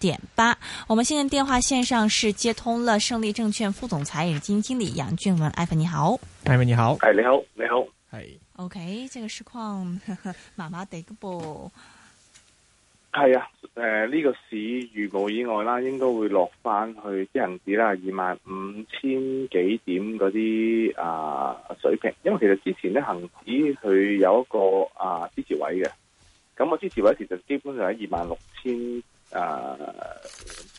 點八，我們現在電話線上是接通了勝利證券副總裁與經基金經理楊俊文，Ivan 你好，Ivan 你好，係你好你好係，OK，呢個、嗯、個市況麻麻地個噃，係啊，誒呢個市預報以外啦，應該會落翻去即係恒指啦二萬五千幾點嗰啲啊水平，因為其實之前呢，恒指佢有一個啊支持位嘅，咁我支持位其實基本上喺二萬六千。誒，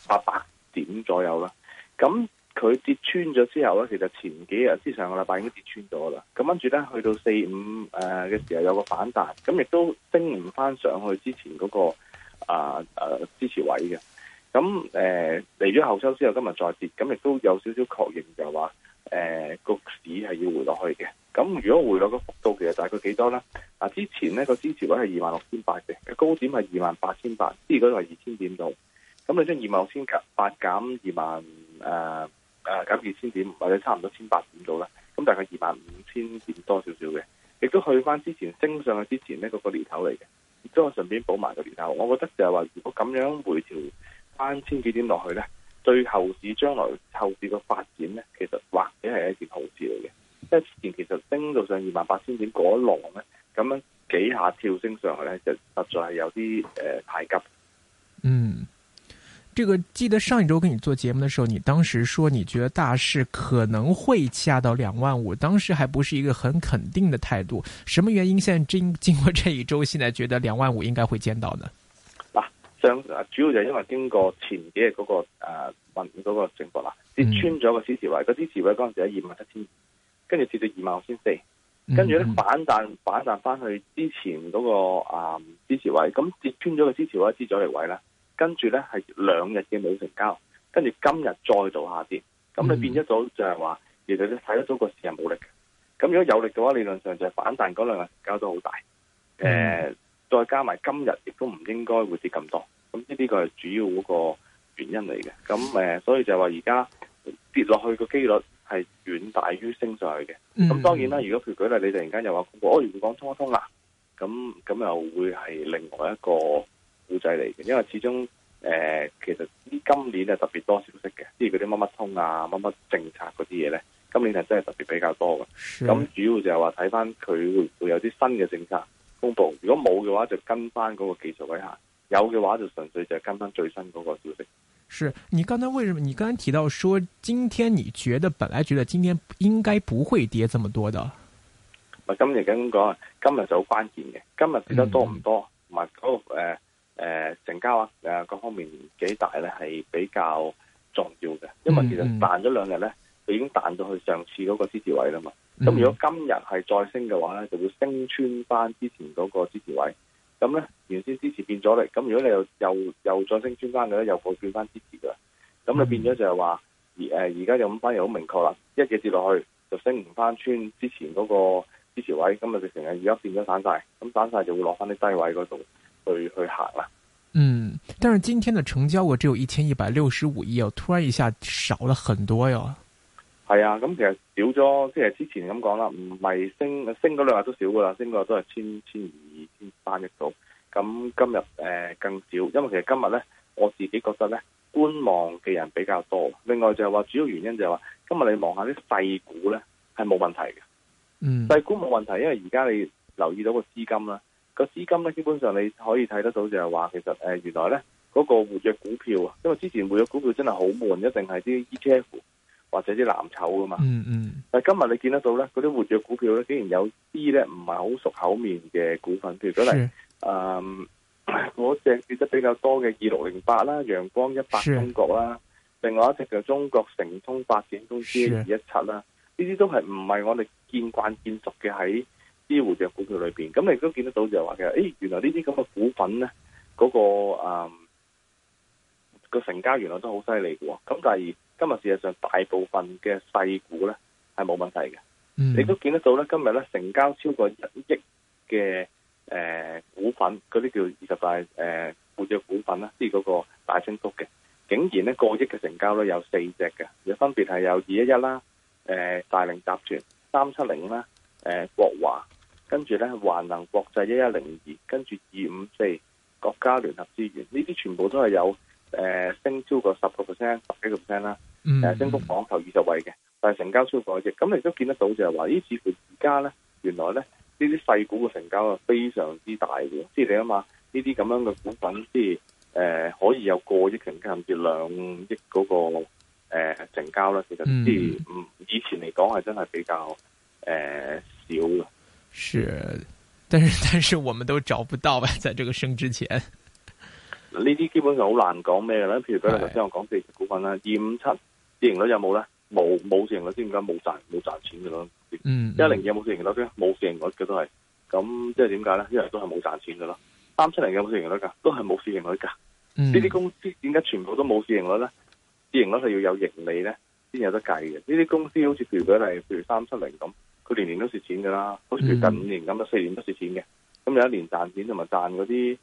八百、呃、點左右啦。咁佢跌穿咗之後咧，其實前幾日之上個禮拜已經跌穿咗啦。咁跟住咧，去到四五誒嘅時候有個反彈，咁亦都升唔返上去之前嗰、那個誒誒、呃呃、支持位嘅。咁誒嚟咗後收之後，今日再跌，咁亦都有少少確認就話，誒、呃、個市係要回落去嘅。咁如果回落個幅度其實大概幾多咧？嗱，之前咧個支持位係二萬六千八嘅，高點係二萬八千八，跌咗係二千點度。咁你將二萬六千八減二萬誒誒減二千點，或者差唔多千八點度咧，咁大概二萬五千點多少少嘅，亦都去翻之前升上去之前咧嗰個年頭嚟嘅，亦都係順便補埋個年頭。我覺得就係話，如果咁樣回調翻千幾點落去咧，對後市將來後市個發展咧，其實或者係一件好事嚟嘅。即係前，其實升到上二萬八千點嗰一浪咧，咁樣幾下跳升上去咧，就實在係有啲誒、呃、太急。嗯，這個記得上一周跟你做節目的時候，你當時說你覺得大市可能會下到兩萬五，當時還不是一個很肯定的態度。什麼原因？現在經經過這一周，現在覺得兩萬五應該會見到呢？嗱、啊，上主要就因為經過前幾日個誒、那、問個整波啦，跌、呃那個、穿咗個支持位，嗰啲、嗯、支持位嗰陣時喺二萬七千。跟住跌到二萬五千四，跟住咧反彈反彈返去之前嗰、那個啊、呃、支持位，咁跌穿咗個支持位、支阻力位咧，跟住咧係兩日嘅冇成交，跟住今日再度下跌，咁你變咗咗就係話，其實你睇得到個市係冇力嘅。咁如果有力嘅話，理論上就係反彈嗰兩日成交都好大，誒、嗯呃，再加埋今日亦都唔應該會跌咁多，咁呢個係主要嗰個原因嚟嘅。咁誒、呃，所以就係話而家跌落去個機率，係遠大於升上去嘅，咁當然啦。如果佢舉例，你突然間又話公布，哦，如果講通一通啦，咁咁又會係另外一個古仔嚟嘅。因為始終誒、呃，其實呢今年係特別多消息嘅，即係嗰啲乜乜通啊、乜乜政策嗰啲嘢咧，今年係真係特別比較多嘅。咁的主要就係話睇翻佢會有啲新嘅政策公布，如果冇嘅話就跟翻嗰個技術位下；有嘅話就純粹就係跟翻最新嗰個消息。是你剛才為什麼？你剛才提到說，今天你覺得本來覺得今天應該不會跌這麼多的。今日咁講，今日就好關鍵嘅，今日跌得多唔多，同埋誒誒成交啊呃、各方面幾大咧，係比較重要嘅。因為其實彈咗兩日咧，就已經彈到去上次嗰個支持位啦嘛。咁、嗯、如果今日係再升嘅話咧，就會升穿翻之前嗰個支持位。咁咧、嗯，原先支持變咗啦。咁如果你又又又再升穿翻嘅咧，又會變翻支持噶。咁你變咗就係話，嗯、而誒而家就咁翻又好明確啦。一幾跌落去就升唔翻穿之前嗰個支持位，咁啊，就成日而家變咗散晒。咁散晒就會落翻啲低位嗰度去去行啦。嗯，但是今天的成交額只有一千一百六十五億，啊，突然一下少了很多喲。係啊，咁、嗯、其實少咗，即係之前咁講啦，唔係升升嗰兩日都少噶啦，升嗰日都係千千二。先翻一度，咁今日誒更少，因為其實今日咧，我自己覺得咧觀望嘅人比較多。另外就係話，主要原因就係話，今日你望下啲細股咧係冇問題嘅，嗯，細股冇問題，因為而家你留意到個資金啦，個資金咧基本上你可以睇得到就係話，其實誒原來咧嗰個活躍股票，因為之前活躍股票真係好悶，一定係啲 ETF。或者啲藍籌噶嘛，嗯嗯、但係今日你見得到咧，嗰啲活躍股票咧，竟然有啲咧唔係好熟口面嘅股份，譬如講嚟，是嗯，嗰隻跌得比較多嘅二六零八啦，陽光一百中國啦，另外一隻就中國誠通發展公司二一七啦，呢啲都係唔係我哋見慣見熟嘅喺啲活躍股票裏邊，咁你都見得到就係話嘅，誒、哎，原來呢啲咁嘅股份咧，嗰、那個嗯。個成交原來都好犀利嘅，咁第二今日事實上大部分嘅細股咧係冇問題嘅，嗯、你都見得到咧今日咧成交超過一億嘅誒股份，嗰啲叫二十大誒、呃、活躍股份啦，即係嗰個大升幅嘅，竟然咧過億嘅成交咧有四隻嘅，又分別係有二一一啦，誒大凌集團三七零啦，誒、呃、國華，跟住咧華能國際一一零二，跟住二五四國家聯合資源呢啲全部都係有。誒、呃，升超過十個 percent，十幾個 percent 啦。誒、嗯呃，升幅榜頭二十位嘅，但係成交超過一億，咁你都見得到就係話，呢？似乎而家咧，原來咧呢啲細股嘅成交啊，非常之大嘅，即係你諗下，呢啲咁樣嘅股份，即係誒，可以有過億成交，甚至兩億嗰個誒、呃呃、成交啦。其實即係唔以前嚟講係真係比較誒少嘅。呃、是，但是但是我們都找不到喺在這個升之前。呢啲基本上好難講咩嘅啦，譬如舉例頭先我講四特股份啦，二五七市盈率有冇咧？冇，冇市盈率先，點解冇賺冇賺錢噶咯。一零二有冇市盈率先？冇市盈率嘅都係，咁即係點解咧？因為都係冇賺錢噶咯。三七零有冇市盈率噶？都係冇市盈率噶。呢啲、嗯、公司點解全部都冇市盈率咧？市盈率係要有盈利咧，先有得計嘅。呢啲公司好似譬如舉例，譬如三七零咁，佢年年都蝕錢噶啦，嗯、好似近五年咁啊，四年都蝕錢嘅。咁有一年賺錢同埋賺嗰啲。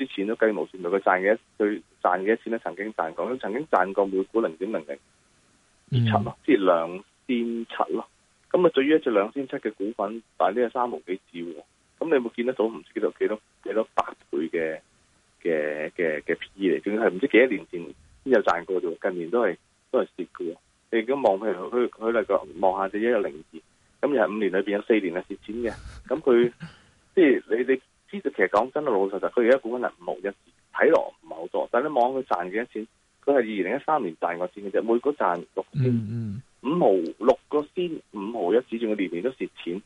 之前都計無線，佢賺嘅一佢賺嘅一錢咧，曾經賺過，佢曾經賺過每股零點零零二七咯，即係兩千七咯。咁啊，對於一隻兩千七嘅股份，但係呢個三毫幾字喎，咁你有冇見得到唔知幾多幾多幾多百倍嘅嘅嘅嘅 PE 嚟？仲要係唔知道幾多年前先有賺過啫，近年都係都係蝕嘅。你而家望佢佢佢嚟講，望下只一個零二，咁又係五年裏邊有四年係蝕錢嘅，咁佢即係你你。你其實講真老老實實，佢而家股份係五毫一，睇落唔係好多。但係你望佢賺幾多錢，佢係二零一三年賺過錢嘅啫。每股賺六仙、mm，hmm. 五毫六個仙，五毫一止住。佢年年都蝕錢，誒、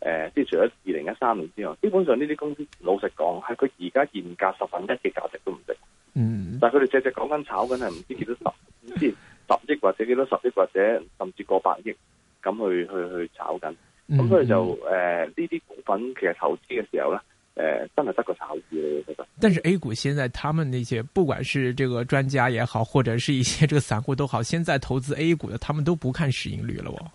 呃，即係除咗二零一三年之外，基本上呢啲公司老實講係佢而家現價十分一嘅價值都唔值。嗯、mm，hmm. 但係佢哋隻隻講緊炒緊係唔知幾多十先 十億或者幾多十億或者甚至過百億咁去去去炒緊。咁所以就誒呢啲股份其實投資嘅時候咧。誒，真係得個炒字，其實。但是 A 股現在，他們那些不管是這個專家也好，或者是一些這個散戶都好，現在投資 A 股的，他們都不看市盈率了喎、哦。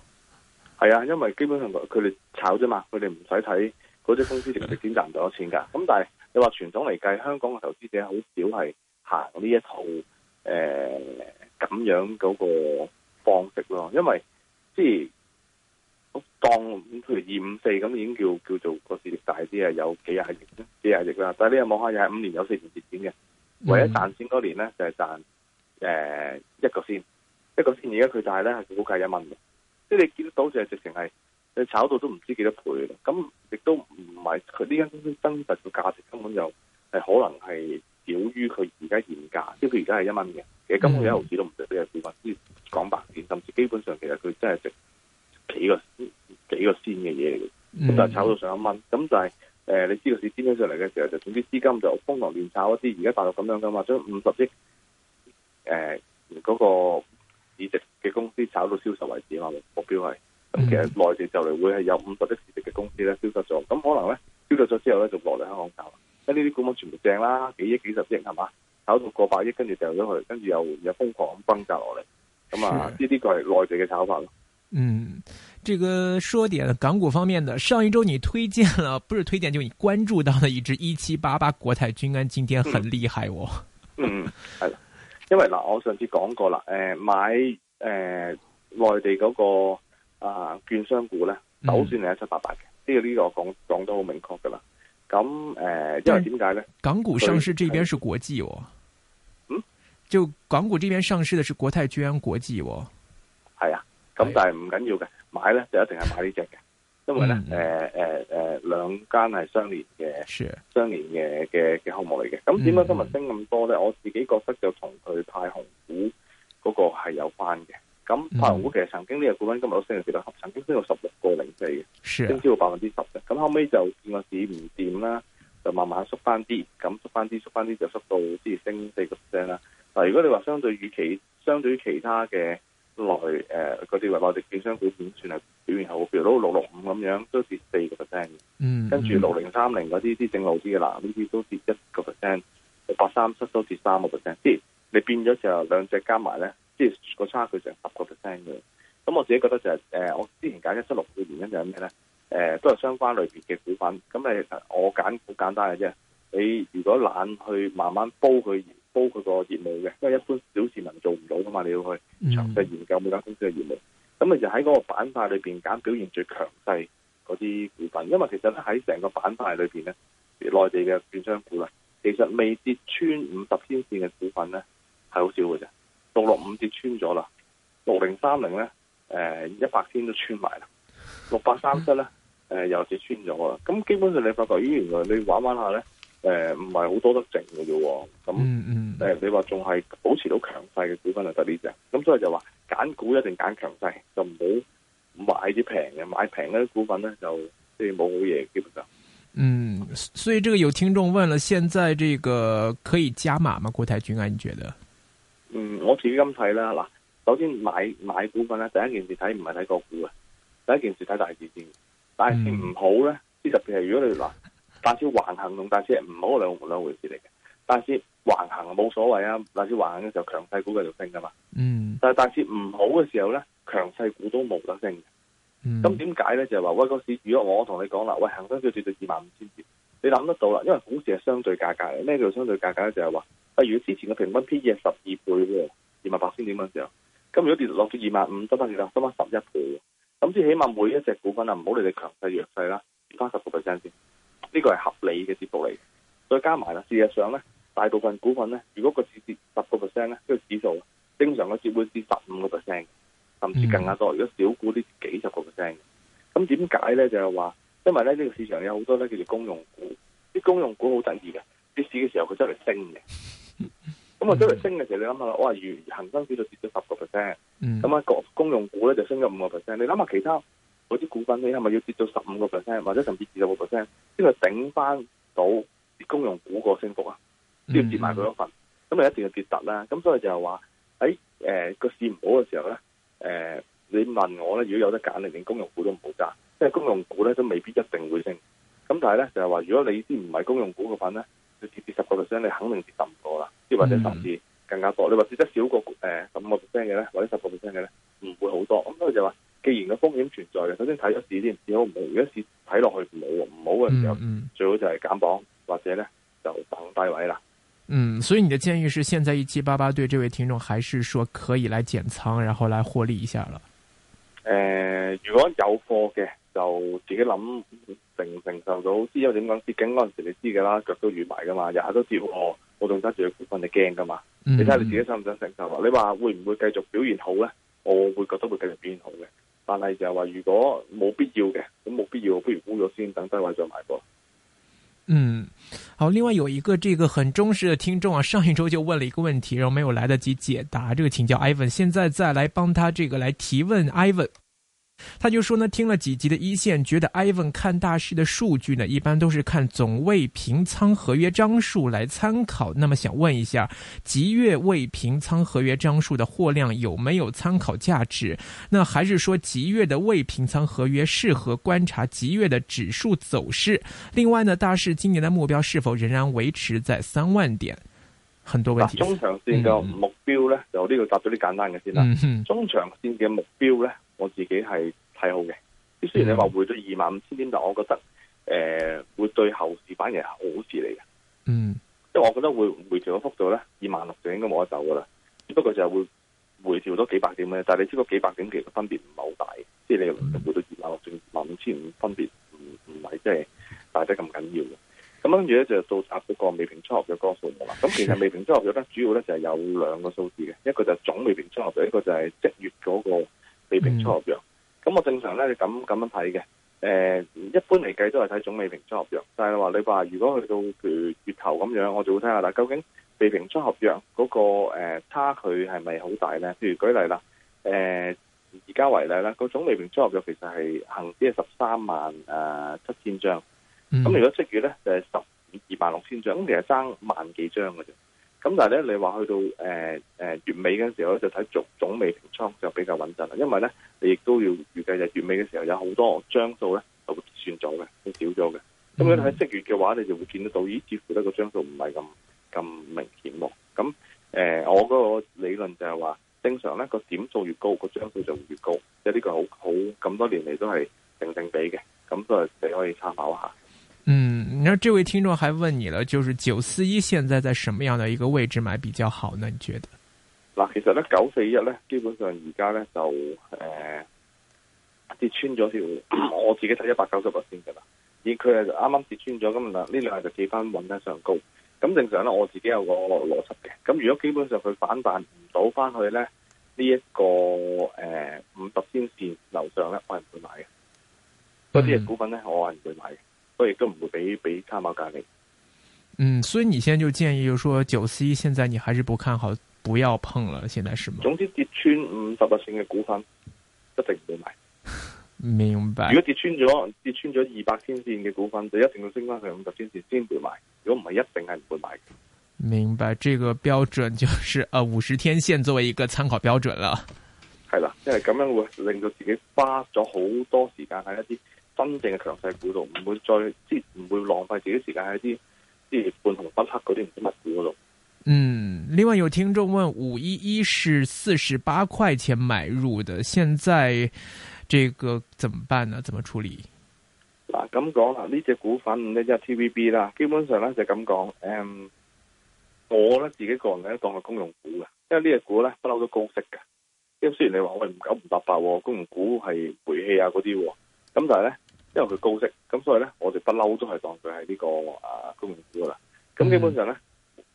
係啊，因為基本上佢哋炒啫嘛，佢哋唔使睇嗰隻公司值唔值錢，賺唔到錢噶。咁但係你話傳統嚟計，香港嘅投資者好少係行呢一套誒咁、呃、樣嗰個方式咯，因為即。當譬如二五四咁已經叫叫做個市值大啲啊，有幾廿億、幾廿億啦。但係你又望下，又係五年有四年蝕錢嘅，唯一賺錢嗰年咧就係、是、賺誒一個先一個先。而、呃、家佢就係咧估計一蚊嘅，即係你見到就係直情係你炒到都唔知幾多倍咯。咁亦都唔係佢呢間公司真實嘅價值，根本就係可能係少於佢而家現價，即係佢而家係一蚊嘅。其實根本一毫紙都唔值呢個股份。講白啲，甚至基本上其實佢真係值。幾個幾個仙嘅嘢嚟嘅，咁就、嗯、炒到上一蚊，咁就係、是、誒、呃，你知道市升咗上嚟嘅時候，就總之資金就瘋狂亂炒一啲，而家大陸咁樣噶嘛，將五十億誒嗰個市值嘅公司炒到消失為止啊嘛，目標係咁，其實內地就嚟會係有五十億市值嘅公司咧消失咗，咁可能咧消失咗之後咧就落嚟香港炒，即呢啲股份全部正啦，幾億、幾十億係嘛，炒到過百億，跟住掉咗佢，跟住又又瘋狂咁崩砸落嚟，咁啊，呢啲個係內地嘅炒法咯。嗯，這個說點港股方面的。上一周你推薦了，不是推薦就是、你關注到的一隻一七八八國泰君安，今天很厲害。我嗯係啦、 嗯，因為嗱、呃，我上次講過啦，誒、呃、買誒、呃、內地嗰、那個啊、呃、券商股咧，首選係一七八八嘅。呢、嗯這個呢、這個我講講得好明確噶啦。咁誒，因、呃、但為點解咧？港股上市這邊是國際哦。嗯，就港股這邊上市的是國泰君安國際哦。係啊、嗯。咁但係唔緊要嘅，買咧就一定係買呢隻嘅，因為咧，誒誒誒，兩間係相連嘅，是相連嘅嘅嘅項目嚟嘅。咁點解今日升咁多咧？嗯、我自己覺得就同佢派紅股嗰個係有關嘅。咁派紅股其實曾經呢隻股份今日都升到接近，曾經升到十六個零四嘅，是升超過百分之十嘅。咁後尾就見個市唔掂啦，就慢慢縮翻啲，咁縮翻啲，縮翻啲就縮到即係升四個 percent 啦。嗱，但如果你話相對與其相對於其他嘅。落去嗰啲話，內地券商股票算係表現好，譬如都六六五咁樣，都跌四個 percent。嗯，跟住六零三零嗰啲啲正路啲嘅啦，呢啲都跌一個 percent，八三七都跌三個 percent。即係你變咗就兩隻加埋咧，即係個差距成十個 percent 嘅。咁我自己覺得就係、是、誒、呃，我之前揀一七六嘅原因就係咩咧？誒、呃，都係相關類別嘅股份。咁誒，我揀好簡單嘅啫。你如果懶去慢慢煲佢。煲佢個業務嘅，因為一般小市民做唔到噶嘛，你要去詳細研究每間公司嘅業務。咁啊、mm hmm. 就喺嗰個板塊裏邊揀表現最強勢嗰啲股份，因為其實喺成個板塊裏邊咧，內地嘅券商股啦，其實未跌穿五十天線嘅股份咧係好少嘅啫。六六五跌穿咗啦，六零三零咧，誒一百天都穿埋啦，六百三七咧，誒又跌穿咗啦。咁基本上你發覺咦，原來你玩玩下咧。誒，唔係好多得剩嘅啫，咁、嗯、誒、嗯呃，你話仲係保持到強勢嘅股份就得呢隻，咁、嗯、所以就話揀股一定揀強勢，就唔好買啲平嘅，買平嘅股份咧就即係冇好嘢，基本上。嗯，所以這個有聽眾問啦，現在這個可以加碼嗎？郭泰君啊，你覺得？嗯，我自己咁睇啦，嗱，首先買買股份咧，第一件事睇唔係睇個股啊，第一件事睇大市先，大市唔好咧，呢、嗯、特別係如果你嗱，大市橫行同大市唔好兩兩回事嚟嘅。大市橫行冇所謂啊，大市橫行嘅時候強勢股繼續升噶嘛。嗯。Mm. 但係大市唔好嘅時候咧，強勢股都冇得升。嗯。咁點解咧？就係話喂，嗰、那個、市如果我同你講啦，喂，恒生指數跌到二萬五千點，你諗得到啦？因為股市係相對價格嘅。咩叫相對價格咧？就係、是、話，例如，如果之前嘅平均 P E 十二倍嘅二萬八千點嘅時候，咁如果跌落咗二萬五，得翻幾多？得翻十一倍。咁即係起碼每一隻股份啊，唔好你哋強勢弱勢啦，翻十個 percent 先。呢個係合理嘅跌幅嚟，嘅。再加埋啦。事實上咧，大部分股份咧，如果個市跌十個 percent 咧，呢個指數正常嘅跌幅會跌十五個 percent，甚至更加多。如果小股啲幾十個 percent，咁點解咧？就係話，因為咧呢個市場有好多咧叫做公用股，啲公用股好得意嘅，跌市嘅時候佢真係升嘅。咁啊，真係升嘅時候，你諗下啦，我話如恒生指數跌咗十個 percent，咁啊，個公用股咧就升咗五個 percent，你諗下其他。嗰啲股份你係咪要跌到十五個 percent 或者甚至二十個 percent，先係頂翻到公用股個升幅啊？先要跌埋佢一份，咁啊、mm hmm. 一定要跌突啦。咁所以就係話，喺、哎、誒個市唔好嘅時候咧，誒你問我咧，如果有得揀，你連公用股都唔好揸，即係公用股咧都未必一定會升。咁但係咧就係、是、話，如果你啲唔係公用股嘅份咧，要跌至十個 percent，你肯定跌唔多啦。即係或者甚至更加多，mm hmm. 你話跌得少過誒十五個 percent 嘅咧，或者十個 percent 嘅咧，唔會好多。咁所以就話。既然個風險存在嘅，首先睇咗市先，最好唔好。如果市睇落去冇唔好嘅時候，嗯、最好就係減磅，或者咧就等低位啦。嗯，所以你嘅建議是，現在一七八八對這位聽眾，還是說可以來減倉，然後來獲利一下啦？誒、呃，如果有貨嘅，就自己諗承唔承受到。知有點講跌緊嗰陣時，知你知噶啦，腳都軟埋噶嘛，日日都跌，我我仲揸住嘅股份，你驚噶嘛？嗯、你睇下你自己想唔想承受啊？你話會唔會繼續表現好咧？我會覺得會繼續表現好嘅。但係就係話，如果冇必要嘅，咁冇必要，不如沽咗先，等低位再買過。嗯，好，另外有一個這個很忠實嘅聽眾啊，上一周就問了一個問題，然後沒有來得及解答，這個請教 Ivan，現在再來幫他這個來提問 Ivan。他就說呢，聽了幾集的一線，覺得 Ivan 看大市的數據呢，一般都是看總未平倉合約張數來參考。那麼想問一下，即月未平倉合約張數的貨量有沒有參考價值？那還是說即月的未平倉合約適合觀察即月的指數走勢？另外呢，大市今年的目標是否仍然維持在三萬點？很多問題。啊、中長線嘅目標呢有、嗯、這個答到啲簡單嘅先啦。嗯、哼中長線嘅目標呢我自己係睇好嘅，即雖然你話回到二萬五千點，但我覺得誒、呃，會對後市反而係好事嚟嘅。嗯，因為我覺得會回調嘅幅度咧，二萬六就應該冇得走噶啦。只不過就係回調多幾百點咧，但係你知嗰幾百點其實分別唔係好大，即係你回到二萬六千、二萬五千五分別唔唔係即係大得咁緊要嘅。咁跟住咧就到達嗰個未平倉合約嘅個數目啦。咁其實未平倉合約咧，主要咧就係、是、有兩個數字嘅，一個就係總未平倉合約，一個就係即月嗰個。未平出合約，咁、嗯、我正常咧，你咁咁樣睇嘅，誒、呃，一般嚟計都係睇總未平出合約，但係話你話如果去到譬如月頭咁樣，我就會睇下啦，但究竟未平出合約嗰、那個誒、呃、差距係咪好大咧？譬如舉例啦，誒而家為例啦，個總未平出合約其實係恒指係十三萬誒七千張，咁、嗯、如果七月咧就係十二萬六千張，咁其實爭萬幾張嘅啫。咁但係咧，你話去到誒誒、呃呃、月尾嘅時候，咧，就睇總總未平倉就比較穩陣啦。因為咧，你亦都要預計就月尾嘅時候有好多張數咧，都會結算咗嘅，會少咗嘅。咁樣喺即月嘅話，你就會見得到，咦？似乎咧個張數唔係咁咁明顯喎、啊。咁誒、呃，我嗰個理論就係話，正常咧個點數越高，個張數就會越高，即係呢個好好咁多年嚟都係定正比嘅。咁都係你可以參考一下。嗯。然後這位聽眾還問你了，就是九四一現在在什麼樣的一個位置買比較好呢？你覺得？嗱，其實咧九四一咧，基本上而家咧就誒、呃、跌穿咗條， 我自己睇一百九十日線噶啦，而佢係啱啱跌穿咗，咁嗱呢兩日就企番穩得上高。咁正常咧，我自己有個邏輯嘅，咁如果基本上佢反彈唔到翻去咧呢一、這個誒五十天線樓上咧，我係唔會買嘅。嗰啲嘅股份咧，我係唔會買嘅。亦都唔會俾俾參考價值你，嗯，所以你先就建議，就說九 C，現在你還是不看好，不要碰了，現在是嗎？總之跌穿五十八線嘅股份，一定唔會買。明白。如果跌穿咗，跌穿咗二百天線嘅股份，就一定要升翻去五十天線先會買。如果唔係，一定係唔會買。明白，這個標準就是，啊、呃，五十天線作為一個參考標準啦。係啦，因為咁樣會令到自己花咗好多時間喺一啲。真正嘅強勢股度，唔會再即係唔會浪費自己時間喺啲即係半紅不黑嗰啲唔知乜股嗰度。嗯，另外有聽眾問：五一一是四十八塊錢買入的，現在這個怎麼辦呢？怎麼處理？嗱，咁講啦，呢隻股份呢，即係 TVB 啦，基本上咧就咁講。嗯，我咧自己個人咧當係公用股嘅，因為呢隻股咧不嬲都高息嘅。因雖然你話喂唔九唔八八，公用股係煤氣啊嗰啲，咁但係咧。因為佢高息，咁所以咧、這個，我哋不嬲都係當佢係呢個啊公用股噶啦。咁基本上咧，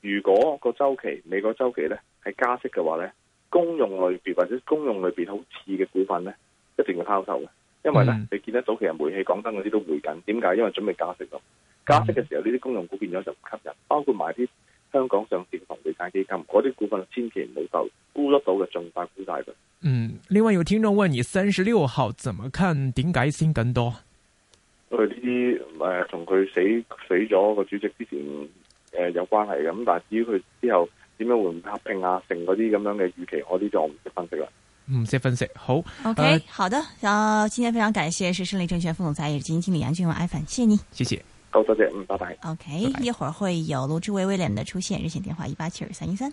如果個周期、美國周期咧係加息嘅話咧，公用類別或者公用類別好似嘅股份咧，一定會拋售嘅。因為咧，嗯、你見得到其實煤氣、港燈嗰啲都回緊，點解？因為準備加息咯。加息嘅時候，呢啲公用股變咗就唔吸引。包括埋啲香港上市嘅房地產基金，嗰啲股份千祈唔好受沽得到嘅重大沽大佢。嗯，另外有聽眾問你，三十六號怎麼看？點解先更多？佢啲誒同佢死死咗個主席之前誒、呃、有關係嘅，咁但係至於佢之後點樣會唔會合併啊？成嗰啲咁樣嘅預期，我呢啲我唔識分析啦。唔識分析，好 OK，、呃、好的。啊，今天非常感謝是勝利證券副總裁、也是基金經理楊俊文 Ivan。謝謝你，謝謝，好多謝，嗯，拜拜。OK，拜拜，一會兒會有盧志威威，威廉的出現，熱線電話一八七二三一三。